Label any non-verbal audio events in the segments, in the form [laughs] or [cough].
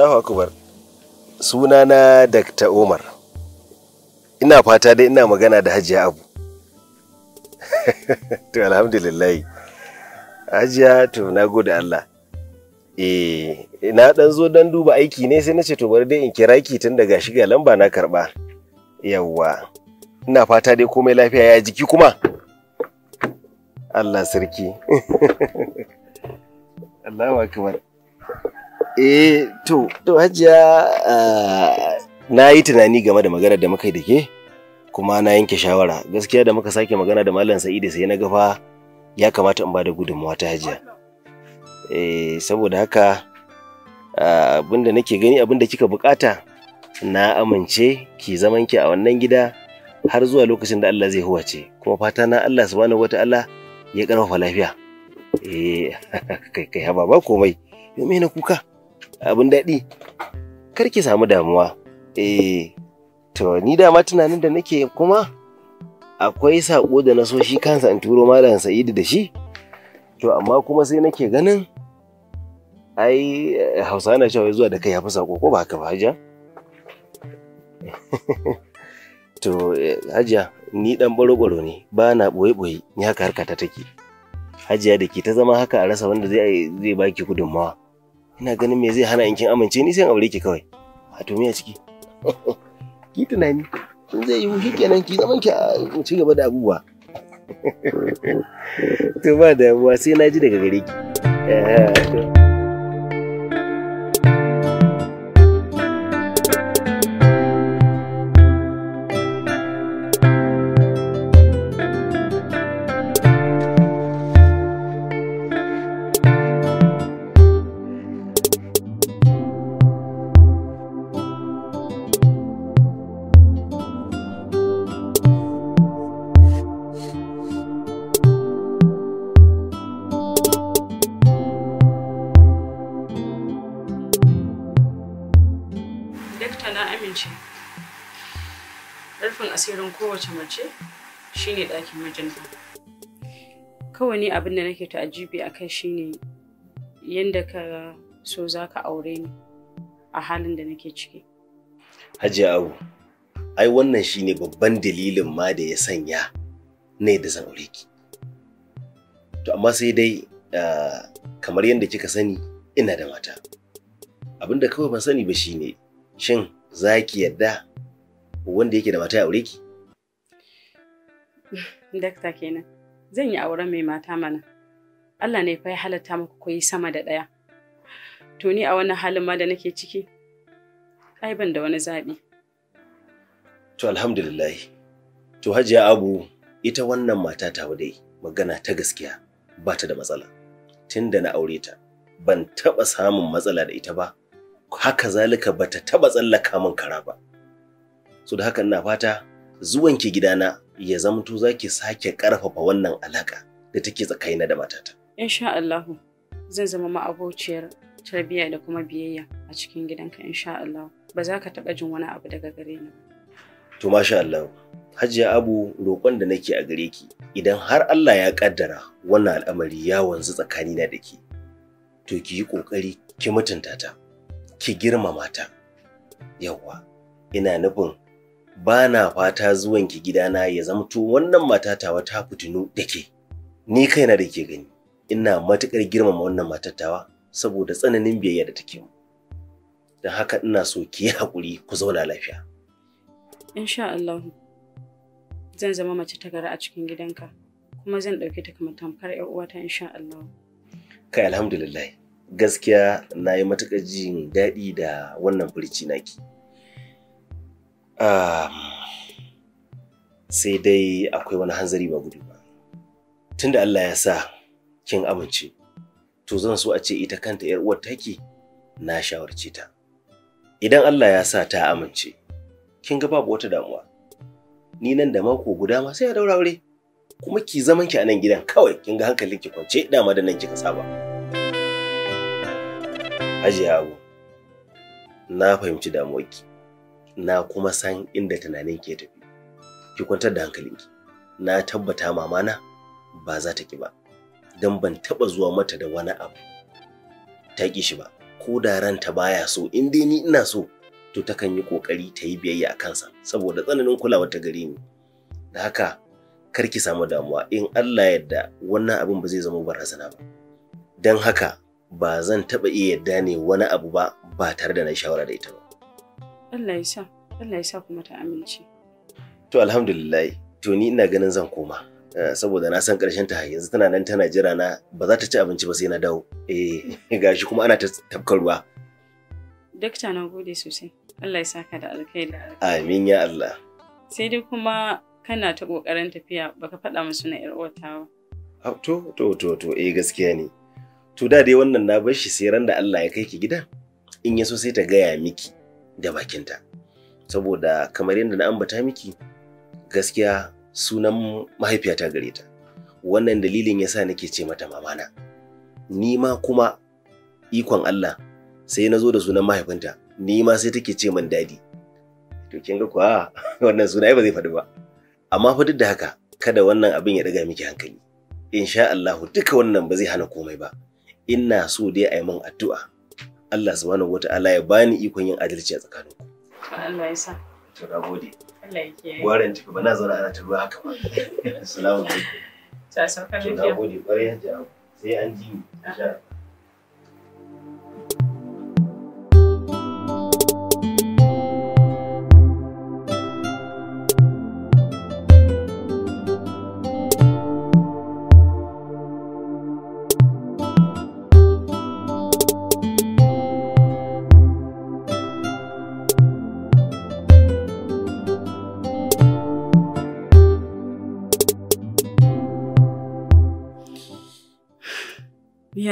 Allahu suna sunana Dr. Omar ina fata dai ina magana da Hajiya Abu [laughs] to alhamdulillah Hajiya to na gode Allah eh na dan zo dan duba aiki ne sai na ce to bari dai in kira ki tun daga shiga lamba na karba yawa ina fata dai komai lafiya ya jiki kuma Allah sarki [laughs] Allahu akbar Eh, to, to hajiya eh, na yi tunani game da maganar da muka yi da ke, kuma na yanke shawara. Gaskiya da muka sake magana da mallam saidi sai na gafa ya kamata in ba da gudunmawa ta hajiya. Eh, saboda haka eh, abinda nake gani abinda kika bukata na amince ki zaman ki a wannan gida har zuwa lokacin da Allah zai huwace kuma fata na Allah subhanahu wataala ya karfafa lafiya eh [laughs] kai kai haba ba komai me na kuka abin daɗi kar ki samu damuwa eh to ni dama tunanin da nake kuma akwai sako da na so shi kansa in turo malam sa'idu da shi to amma kuma sai nake ganin ai eh, hausa na cewa zuwa da kai ya fi saƙo ko ba ka ba hajiya [laughs] to eh, hajiya ni dan baro ne ba na ɓoye-ɓoye ni haka harka ta take hajiya da ke ta zama haka a rasa wanda zai baki gudunmawa ina ganin me zai hana in kin amince ni sai in aure ki kawai a to me a ciki [laughs] ki tunani in zai yiwu shi kenan ki zaman ki a ci gaba da abubuwa [laughs] to ba da abubuwa sai na ji daga gare ki eh, asirin kowace mace shine ɗakin mijinta. Kawai ne abin da nake ta'ajibi a kai shine yadda ka so za ka aure ni a halin da nake ciki. Hajiya Abu, ai wannan shine babban dalilin ma da ya sanya ne da zan aure ki. To amma sai dai kamar yadda kika sani ina da mata. Abin da kawai ban sani ba shine shin za ki yadda wanda yake da mata ya aure ki [laughs] dakta kenan zan yi auren mai mata mana Allah ne fa ya halatta muku koyi sama da ɗaya to ni a wannan halin ma da nake ciki ai ban da wani zaɓi to alhamdulillah to hajiya abu ita wannan mata ta dai magana ta gaskiya ba ta da matsala tunda na aure ta ban taɓa samun matsala da ita ba haka zalika ba ta taɓa tsallaka min kara ba so da haka ina fata zuwan ki gidana ya zamto za ki sake ƙarfafa wannan alaƙa da take tsakanina da matata. Insha Allah zan zama ma'abociyar tarbiyya da kuma biyayya a cikin gidanka insha Allah ba za ka taɓa jin wani abu daga gare ni To masha Allah Hajiya Abu roƙon da nake a gare ki idan har Allah ya kaddara wannan al'amari ya wanzu tsakanina da ke to ki yi ƙoƙari ki mutunta ta ki girmama ta yawwa ina nufin ba na fata ki gidana ya zamto wannan mata tawa ta fitinu da ni kaina da ke gani ina matukar girmama wannan matar tawa saboda tsananin biyayya da take mu don haka ina so ki yi haƙuri ku zauna lafiya insha Allah zan zama mace ta gara a cikin gidanka kuma zan ɗauke ta kamar tamkar 'yar uwata insha Allah kai alhamdulillah gaskiya nayi matukar jin daɗi da wannan furici naki sai dai akwai wani hanzari ba gudu ba tunda Allah ya sa kin amince to zan so a ce ita kanta yar uwar take na shawarce ta idan Allah ya sa ta amince kin ga babu wata damuwa ni nan da mako guda ma sai a daura aure kuma ki zaman ki a nan gidan kawai kin ga hankalin ki kwance dama da nan kika saba Hajiya Abu na fahimci damuwarki na kuma san inda tunanin ke tafi ki kwantar da hankalinki na tabbata mamana ba za ta ki ba don ban taba zuwa mata da wani abu ta ki shi ba ko da ranta baya so in dai ni ina so to takan yi kokari ta yi biyayya a kansa saboda tsananin kulawa ta gare ni da haka kar ki samu damuwa in Allah yarda wannan abin ba zai zama barazana ba don haka ba zan taba iya yarda ne wani abu ba ba tare da na shawara da ita ba Allah ya sa, Allah ya sa kuma ta amince. To alhamdulillah, to ni ina ganin zan koma. Eh, saboda na san ƙarshen ta yanzu tana nan tana jira na ba za ta ci abinci ba sai na dawo. Eh, [laughs] gashi kuma ana ta tafkar ruwa. Dakta na gode sosai. Allah ya saka da alkhairi. Amin ya Allah. Sai dai kuma kana ta kokarin tafiya baka faɗa musu na ƴar uwata ba. To to to to eh gaskiya ne. To da dai wannan na bar shi sai ran da Allah ya kai ki gida. In ya so sai ta gaya miki. da bakinta saboda kamar yadda na ambata miki gaskiya sunan mahaifiyata gare ta wannan dalilin ya sa nake ce mata mamana ni ma kuma ikon Allah sai na zo da sunan mahaifinta ni ma sai take ce min dadi to kin ga kuwa [laughs] wannan suna ba zai faɗi ba amma fa da haka kada wannan abin ya daga miki hankali insha Allah duka wannan ba zai hana komai ba ina so dai a yi min addu'a Allah subhanahu wata'ala ya bani ikon yin adalci a tsakanin ku. Allah ya sa. To na gode. Allah ya kiyaye. Gwaran tafi ba na zauna ana ta ruwa haka ba. [laughs] Assalamu alaikum. Ta sauka lafiya. To na gode kwarai da sai an ji. Ah. Allah.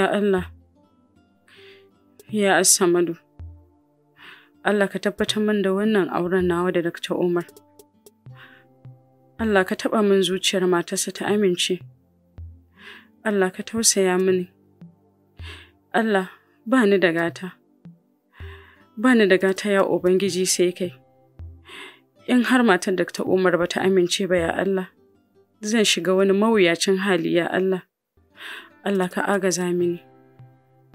Ya Allah, ya Asamadu, Allah ka tabbatar min da wannan auren nawa da Dr. Umar. Allah ka taɓa min zuciyar matarsa ta amince. Allah ka tausaya mini. Allah ba ni da gata. Ba ni da gata ya Ubangiji sai kai. In har matar Dr. Umar ba ta amince ba ya Allah, zan shiga wani mawuyacin hali ya Allah. Allah ka agaza mini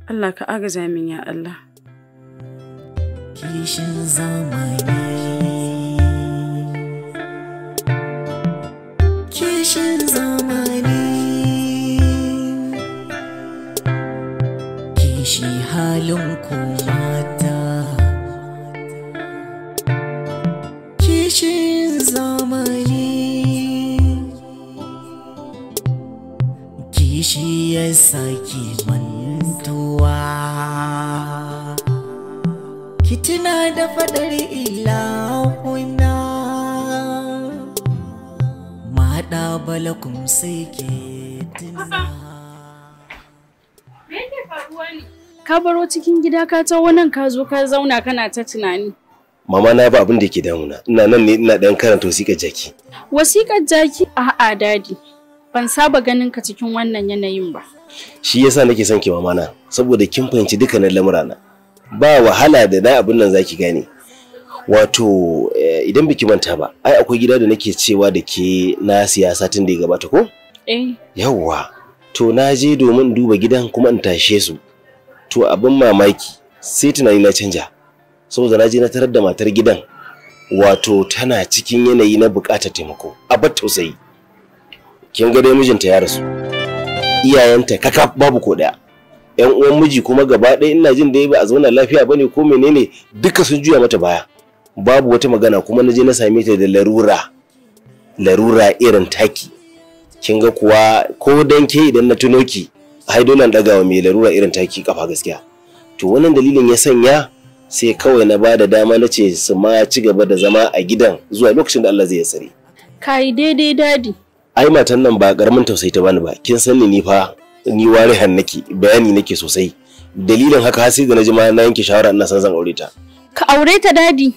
Allah ka agaza min ya Allah kishin zamani kishin zamani kishi halin ku mata kishin zamani Saki mantuwa kitina da fadar ilahuna maɗa balakun sai ke tuna ka baro cikin gida ka ta wannan ka zo ka zauna kana ta tunani mama na ba abin da ke damuna ina nan ne ina dan karanta wasiƙar jaki wasiƙar jaki a'a dadi ban saba ganin ka cikin wannan yanayin ba shi yasa nake son ki mamana saboda kin fahimci dukkanin na, ba wahala da na abin nan zaki gane wato eh, idan biki manta ba ai akwai gida da nake cewa da ke na siyasa tun da ya gabata ko eh yawwa to na je domin duba gidan kuma in tashe su to abin mamaki sai tunani na canja saboda na je na tarar da matar gidan wato tana cikin yanayi na bukatar taimako a bar tausayi kin ga dai mijinta ya rasu iyayenta kaka babu ko daya yan uwan miji kuma gaba ɗaya ina jin dai ba a zauna lafiya bane ko menene duka sun juya mata baya babu wata magana kuma na je na same ta da larura larura irin taki kin ga kuwa ko dan ke idan na tuno ki ai dole wa mai larura irin taki kafa gaskiya to wannan dalilin ya sanya sai kawai na bada dama na ce su ma ci gaba da zama a gidan zuwa lokacin da Allah zai ya tsare kai daidai dadi ai matan nan ba karamin tausayi ta bani ba kin sanni ni fa ni warihan nake bayani nake sosai dalilin haka har sai da naji ma na yanke shawara ina san zan aure ta ka aure ta dadi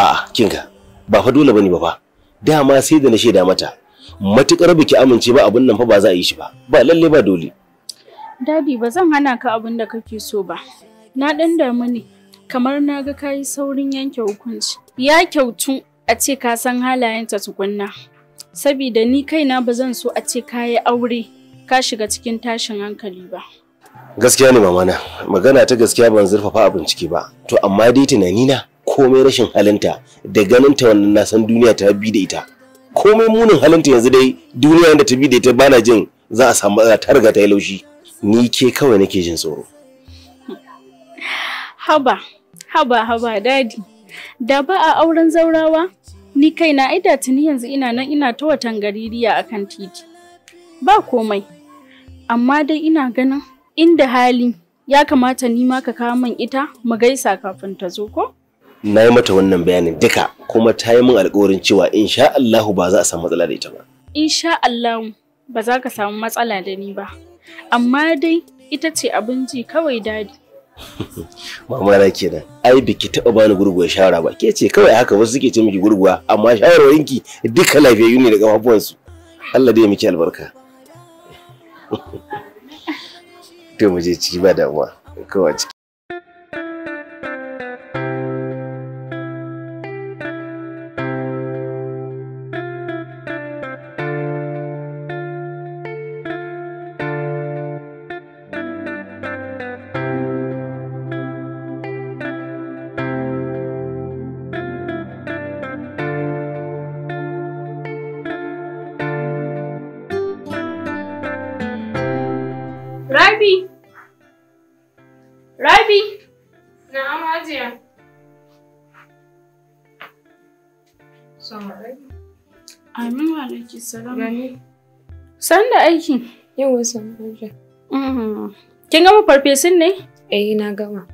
a ga ba fa dole bane ba fa dama sai da na shaida mata matukar biki amince ba abun nan fa ba za a yi shi ba ba lalle ba dole dadi ba zan hana ka abin da kake so ba na dan damu ne kamar na ga kayi saurin yanke hukunci ya kyautu a ce ka san halayenta tukunna Sabida ni kaina ba zan so a ce ka yi aure ka shiga cikin tashin hankali ba. Gaskiya ne mamana, magana ta gaskiya ban zurfafa a bincike ba, to amma dai tunani na komai rashin halinta da ganinta wannan na san duniya ta bi da ita. Komai munin halinta yanzu dai duniya da ta bi da ita bana jin za a samu ta riga ta yi laushi. Ni ke kawai nake jin tsoro. Haba, haba, haba, dadi. Da ba a auren zaurawa, Ni kaina ai da tuni yanzu ina nan ina ta watan gaririya a kan titi. Ba komai. Amma dai ina ganin inda hali ya kamata ni ma ka kawo min ita mu gaisa kafin ta zo ko? Na yi mata wannan bayanin duka kuma ta yi min alkawarin cewa insha Allah ba za a samu matsala da ita ba. Insha Allah ba za ka samu matsala da ni ba. Amma dai ita ce abin ji kawai dadi. [laughs] mama na kenan ai biki taɓa bani gurguwa shawara ba ke ce kawai haka wasu suke ce miki gurguwa amma shawarwarinki duka lafiyayyu ne daga kafafuwansu Allah dai miki albarka [laughs] to mu je ciki ba damuwa kawai ciki sanda San da aiki. san mm-hmm. Kin gama farfesun ne? Eh na gama.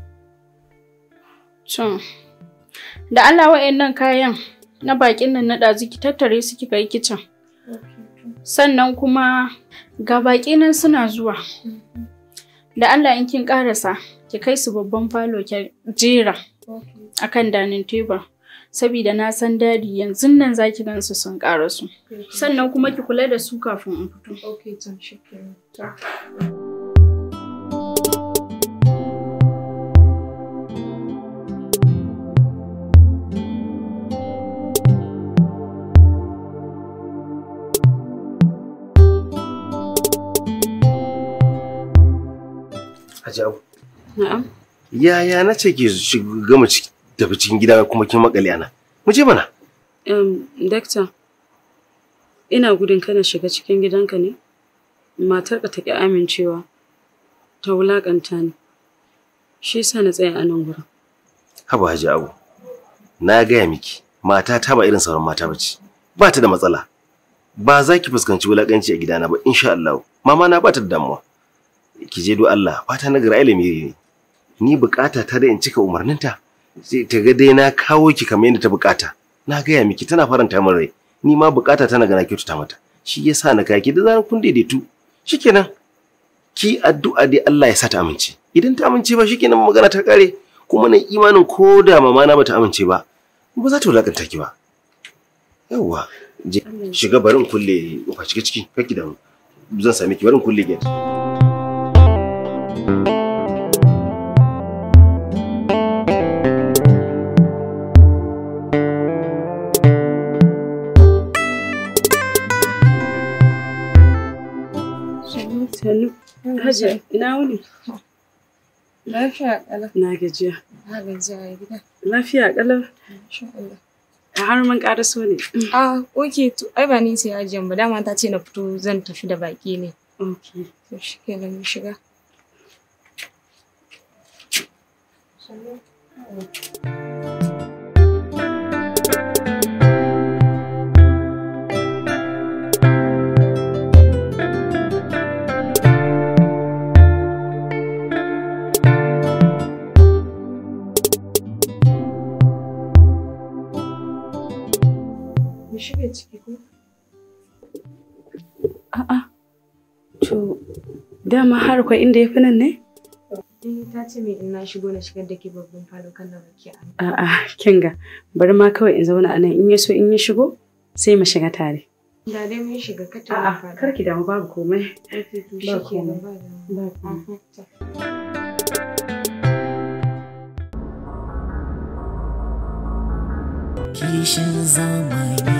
Da Allah wa'annan kayan na bakin nan na ɗazu ki tattare su kika yi kicin. Sannan kuma ga baƙi nan suna zuwa. Da Allah in kin ƙarasa ki kai su babban falo ki jera akan danin tebur. saboda na san dadi yanzu nan zaki ki su sun su, sannan kuma ki kula da su kafin in fito okay to shikenan Yaya na ce ki gama ciki tafi cikin gida kuma kin makale ana. Mu je mana. Um, dakta, ina gudun kana shiga cikin gidanka ne? Matarka ta ki amincewa, ta wulaƙanta ni. Shi sa na tsaya a nan gurin. Haba Haji Abu, na gaya miki, mata ta ba irin sauran mata bace. Ba ta da matsala. Ba za ki fuskanci wulaƙanci a gidana ba, insha Allah. Mama na ba ta da damuwa. Ki je do Allah, fata na ilimi ne. Ni bukata ta da in cika umarninta. sai ta ga dai na kawo ki kamar yadda ta bukata na gaya miki tana faranta min rai ni ma bukata tana gana na ta mata shi yasa na kaki da zaran kun daidaitu shikenan ki addu'a dai Allah ya sa ta amince idan ta amince ba shikenan magana ta kare kuma nan imanin ko da mama na bata amince ba ba za ta wulakanta ki ba yawwa shiga barin kulle ba shiga ciki kake da zan sami ki barin kulle gate Sannu. Hajiya, ina wuni? Na gajiya. Na Lafiya A har mun ƙara so Ah, ok. To, ai ba ni Dama ta ce na fito zan tafi da baƙi ne. Ok. shiga. shirya ciki ko? A'a. To, dama har kwa inda ya fi nan ne? Eh, ta ce min in na shigo na shigar da ke babban falo kan da baki A'a, kin ga, bari ma kawai in zauna a nan in ya so in ya shigo sai mu shiga tare. Da dai mun shiga ka ta A'a, Kar ki damu babu komai. Ba komai. Ba komai. Kishin zamani.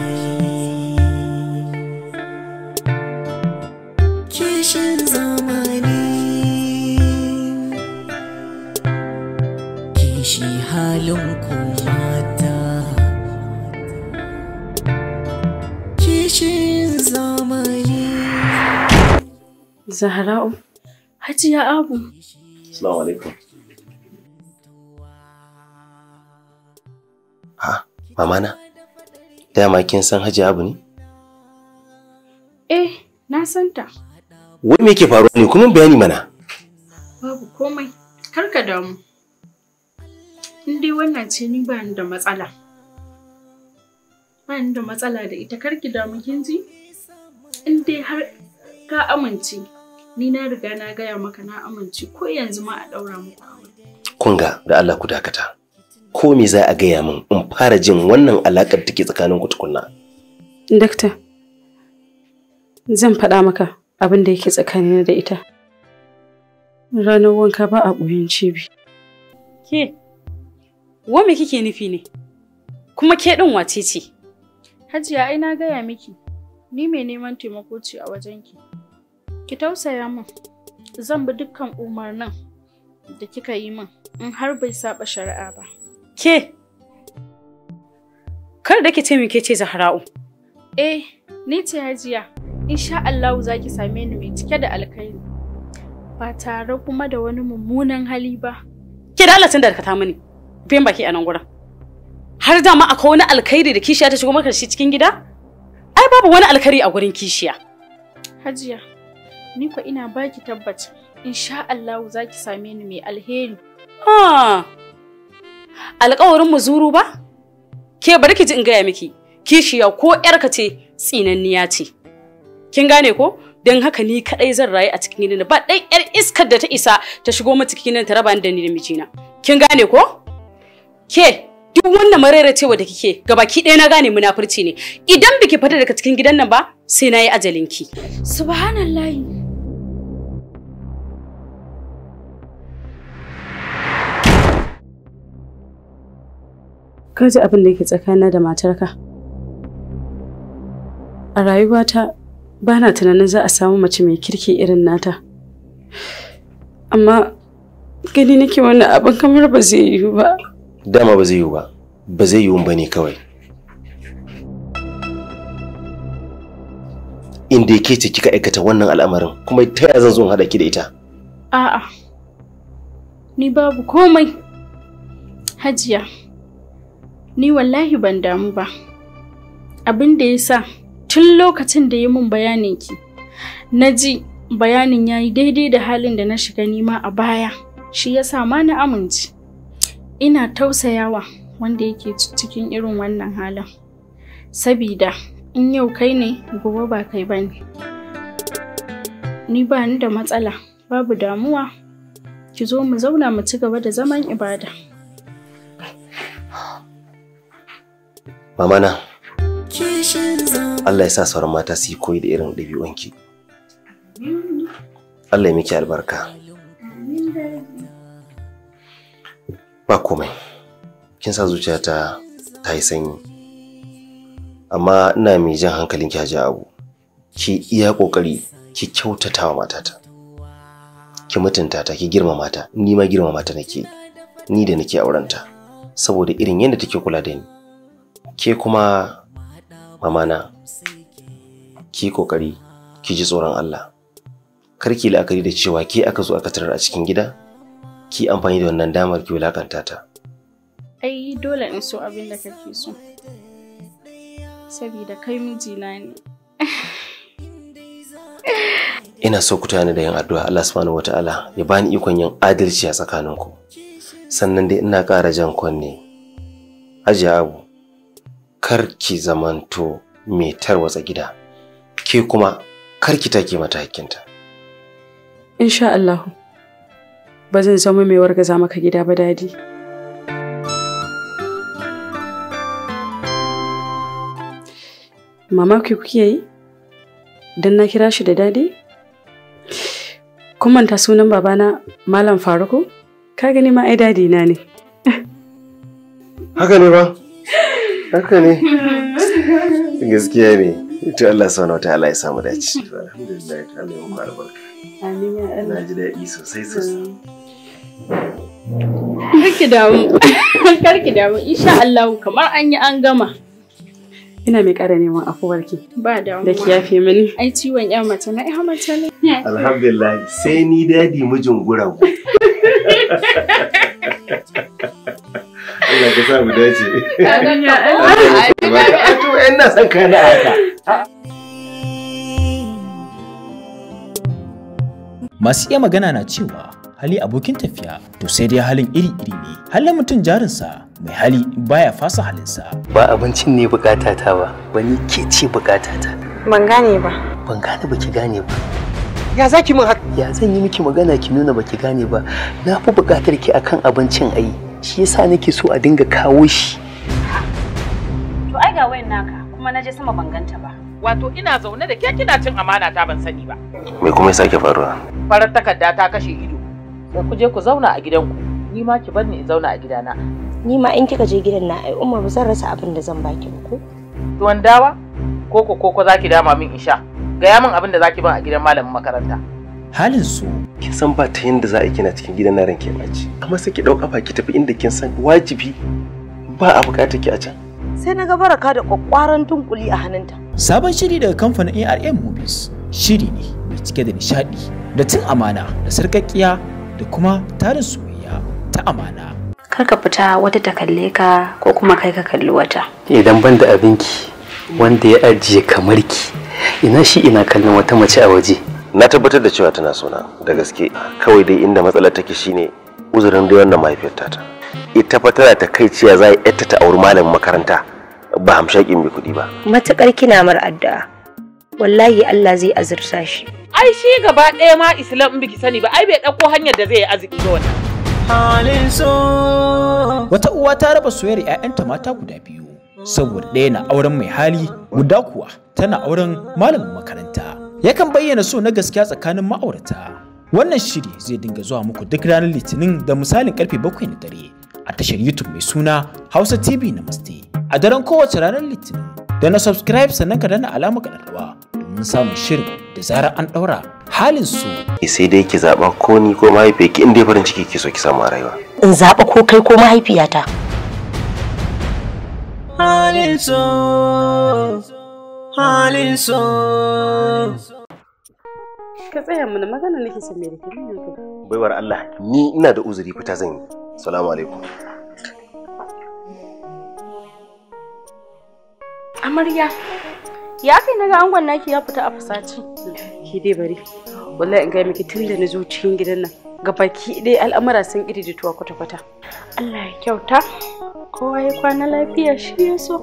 Zahra'u. Hajiya Abu. Assalamu alaikum. Ha, mama na. Dama kin san Hajiya Abu ne? Eh, na san ta. Wai me yake faruwa ne? Kuma bayani mana. Babu komai. Kar ka damu. In dai wannan ce ni ba ni da matsala. Ba ni da matsala da ita kar ki damu kin ji? In dai har ka amince ni na riga na gaya maka na amince ko yanzu ma a daura muku kun ga da Allah ku dakata ko me za a gaya min in fara jin wannan alakar take tsakanin ku tukunna doctor zan faɗa maka abin da yake tsakanina da ita ranar wanka ba a ɓoyin cibi ke wa me kike nufi ne kuma ke ɗin wace ce hajiya ai na gaya miki ni mai neman taimako ce a wajenki ki tausaya min zan bi dukkan umarnin da kika yi min in har bai saba shari'a ba ke kar da ke ce min ke ce zahra'u eh ni ce hajiya insha Allah za ki same ni mai cike da alkhairi ba tare kuma da wani mummunan hali ba ke da Allah da ka ta mini biyan baki a nan gurin har dama akwai wani alkhairi da kishiya ta shigo maka shi cikin gida ai babu wani alkhairi a gurin kishiya hajiya Ni ko ina baki tabbaci, insha Allah za ki same ni mai alheri. Ah! Alƙawarin mu zuru ba? Ke bari ki ji in gaya miki, kishiya ko ‘yarka ce tsinanniya ce. Kin gane ko? Don haka ni kadai zan rayu a cikin gidan ba ɗan ‘yar iskar da ta isa ta shigo mu cikin gidan ta raba ni da ni da mijina. Kin gane ko? Ke, duk wannan marera cewa da kike gabaki ɗaya na gane munafurci ne idan biki fita daga cikin gidan nan ba sai na yi ajalinki subhanallahi ka ji abin da yake tsakanina da matarka a rayuwata ba na tunanin za a samu mace mai kirki irin nata amma gani nake wani abin kamar ba zai yiwu ba dama ba zai yiwu ba ba zai yiwu ba ne kawai inda yake ce kika aikata wannan al'amarin kuma ta yaya zan zo in haɗa ki da ita a'a ni babu komai hajiya ni wallahi ban damu ba abin da ya sa tun lokacin da ya mun bayanin ki na ji bayanin ya yi daidai da halin da na shiga nima a baya shi ya sa ma na amince ina tausayawa wanda yake cikin irin wannan halin sabida in yau kai ne gobe ba kai ba ne ni ba ni da matsala babu damuwa ki zo mu zauna mu ci gaba da zaman ibada Mamana, Allah ya sa sauran mata su yi koyi da irin ɗabi'unki. Allah ya miki albarka. Ba komai, kin sa zuciyata ta yi sanyi. Amma ina mai jan hankalin ki abu, ki iya ƙoƙari ki kyautata wa matata. Ki mutunta ta, ki girmama ta, ni ma girmama ta nake, ni da nake aurenta, saboda irin yadda take kula da ni. ke kuma mamana ki kokari ki ji tsoron Allah kar ki la'akari da cewa ke aka zo aka tarar a cikin gida ki amfani da wannan damar ki wulakanta ta ai dole in so abin da kake so saboda kai mijina ne [laughs] ina so ku tana da yin addu'a Allah subhanahu wata'ala ya bani ikon yin adalci a tsakaninku sannan dai ina ƙara jan kunne ajiya abu kar ki zamanto mai tarwatsa gida ke kuma kar ki take mata hakkinta insha Allah ba zan zama mai wargaza maka gida ba dadi mamaki kuke yi don na kira shi da dadi kun manta sunan babana malam faruku ka gani ma ai dadi na ne haka ne ba haka ne [laughs] gaskiya ne ita Allah sauna wata Allah ya samu dace alhamdulillah ta Allah ya muku albarka sosai sosai damu karki damu [laughs] kamar an yi an gama ina mai ƙara neman afuwarki ba da da ki yafe mini ai ciwon ya mace na ya mace ne alhamdulillah sai ni dadi mijin guragu [laughs] sa mu dace ina son haka masu iya magana na cewa hali abokin tafiya to sai dai halin iri-iri ne halin mutum jarinsa mai hali baya fasa halinsa ba abincin ne ta ba wani ke ce ta. ban gane ba ban gane ba ki gane ba ya za ki mun haka ya zan yi miki magana ki nuna ba ki gane ba na fi bukatar ki akan abincin ayi shi yasa nake so a dinga kawo shi to ai ga wayan naka kuma naje sama ban ganta ba wato ina zaune da ke kina cin amana ta ban sani ba me kuma ya ke faruwa farar takarda ta kashe ido da ku je ku zauna a gidanku ni ma ki barni in zauna a gidana ni ma in kika je gidan na ai umma ba zan rasa abin da zan baki ba ko tuwon dawa koko koko zaki dama min in sha gaya min abin da zaki ban a gidan malamin makaranta halin su kin san ba ta yanda za a kina cikin gidan na ranke baci amma sai ki dau kafa ki tafi inda kin san wajibi ba a bukata ki a can sai na ga baraka da kwakwaran tunkuli a hannunta sabon shiri daga kamfanin ARM Movies shiri ne mai cike da nishadi da cin amana da sarkakkiya da kuma tarin soyayya ta amana kar ka fita wata ta kalle ka ko kuma kai ka kalli wata idan ban da abinki wanda ya ajiye kamar ki ina shi ina kallon wata mace a waje na tabbatar da cewa tana sona da gaske kawai dai inda matsalar take shine uzurin da wannan mahaifiyar ta ita fa tana takaiciya za a ta auri malamin makaranta ba hamshakin mai kuɗi ba matukar kina mar addu'a wallahi Allah zai azurta shi ai shi gaba ɗaya ma islam in biki sani ba ai bai ɗauko hanyar da zai yi arziki ga wannan wata uwa ta raba soyayyar 'ya'yanta mata guda biyu saboda ɗaya na auren mai hali guda kuwa tana auren malamin makaranta yakan bayyana so na gaskiya tsakanin ma'aurata. Wannan shiri zai dinga zuwa muku duk ranar Litinin da misalin karfe 7 na dare a tashar YouTube mai suna Hausa TV na Namaste. A daren kowace ranar Litinin da na subscribe sannan ka dana alamar kaɗarwa domin samun shirin da zarar an ɗaura halin su. Eh, sai dai ki zaɓa ko ni ko mahaifiyarki in dai farin ciki ki so ki samu a rayuwa. In zaɓa ko kai ko mahaifiyata. Halin su. halin so ka tsaya mana magana nake son mai rikirin yanzu baiwar Allah ni ina da uzuri fita zan yi salamu alaikum amarya ya kai na ga angon naki ya fita a fasaci. ki dai bari wallahi in ga miki tun da na zo cikin gidan nan ga baki dai al'amura sun tuwa kwata-kwata Allah ya kyauta kowa ya kwana lafiya shi ya so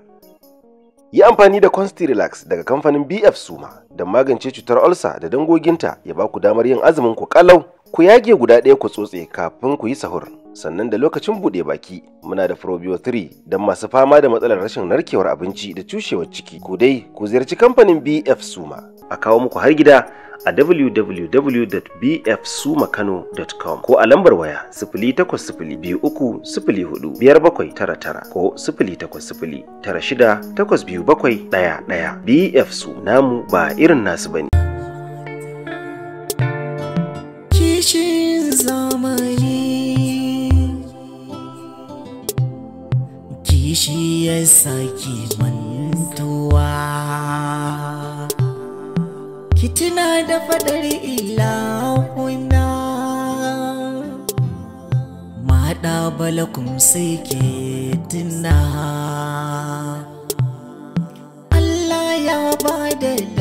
Yi amfani da Consti Relax daga kamfanin BF Suma don magance cutar olsa da dangoginta ya ba ku damar yin azumin ku kalau. Ku yage guda ɗaya ku tsotse kafin ku yi sahur. Sannan da lokacin buɗe baki muna da Probio 3 don masu fama da matsalar rashin narkewar abinci da cushewar ciki. Ku dai ku ziyarci kamfanin BF Suma a kawo muku har gida a www.bfsumakano.com ko a lambar waya 08023045799 ko ɗaya. BF Su namu ba irin nasu bane. ya saki mantuwa kitina da fadar ilahuna maɗa balakun sai ke tuna Allah ya ba da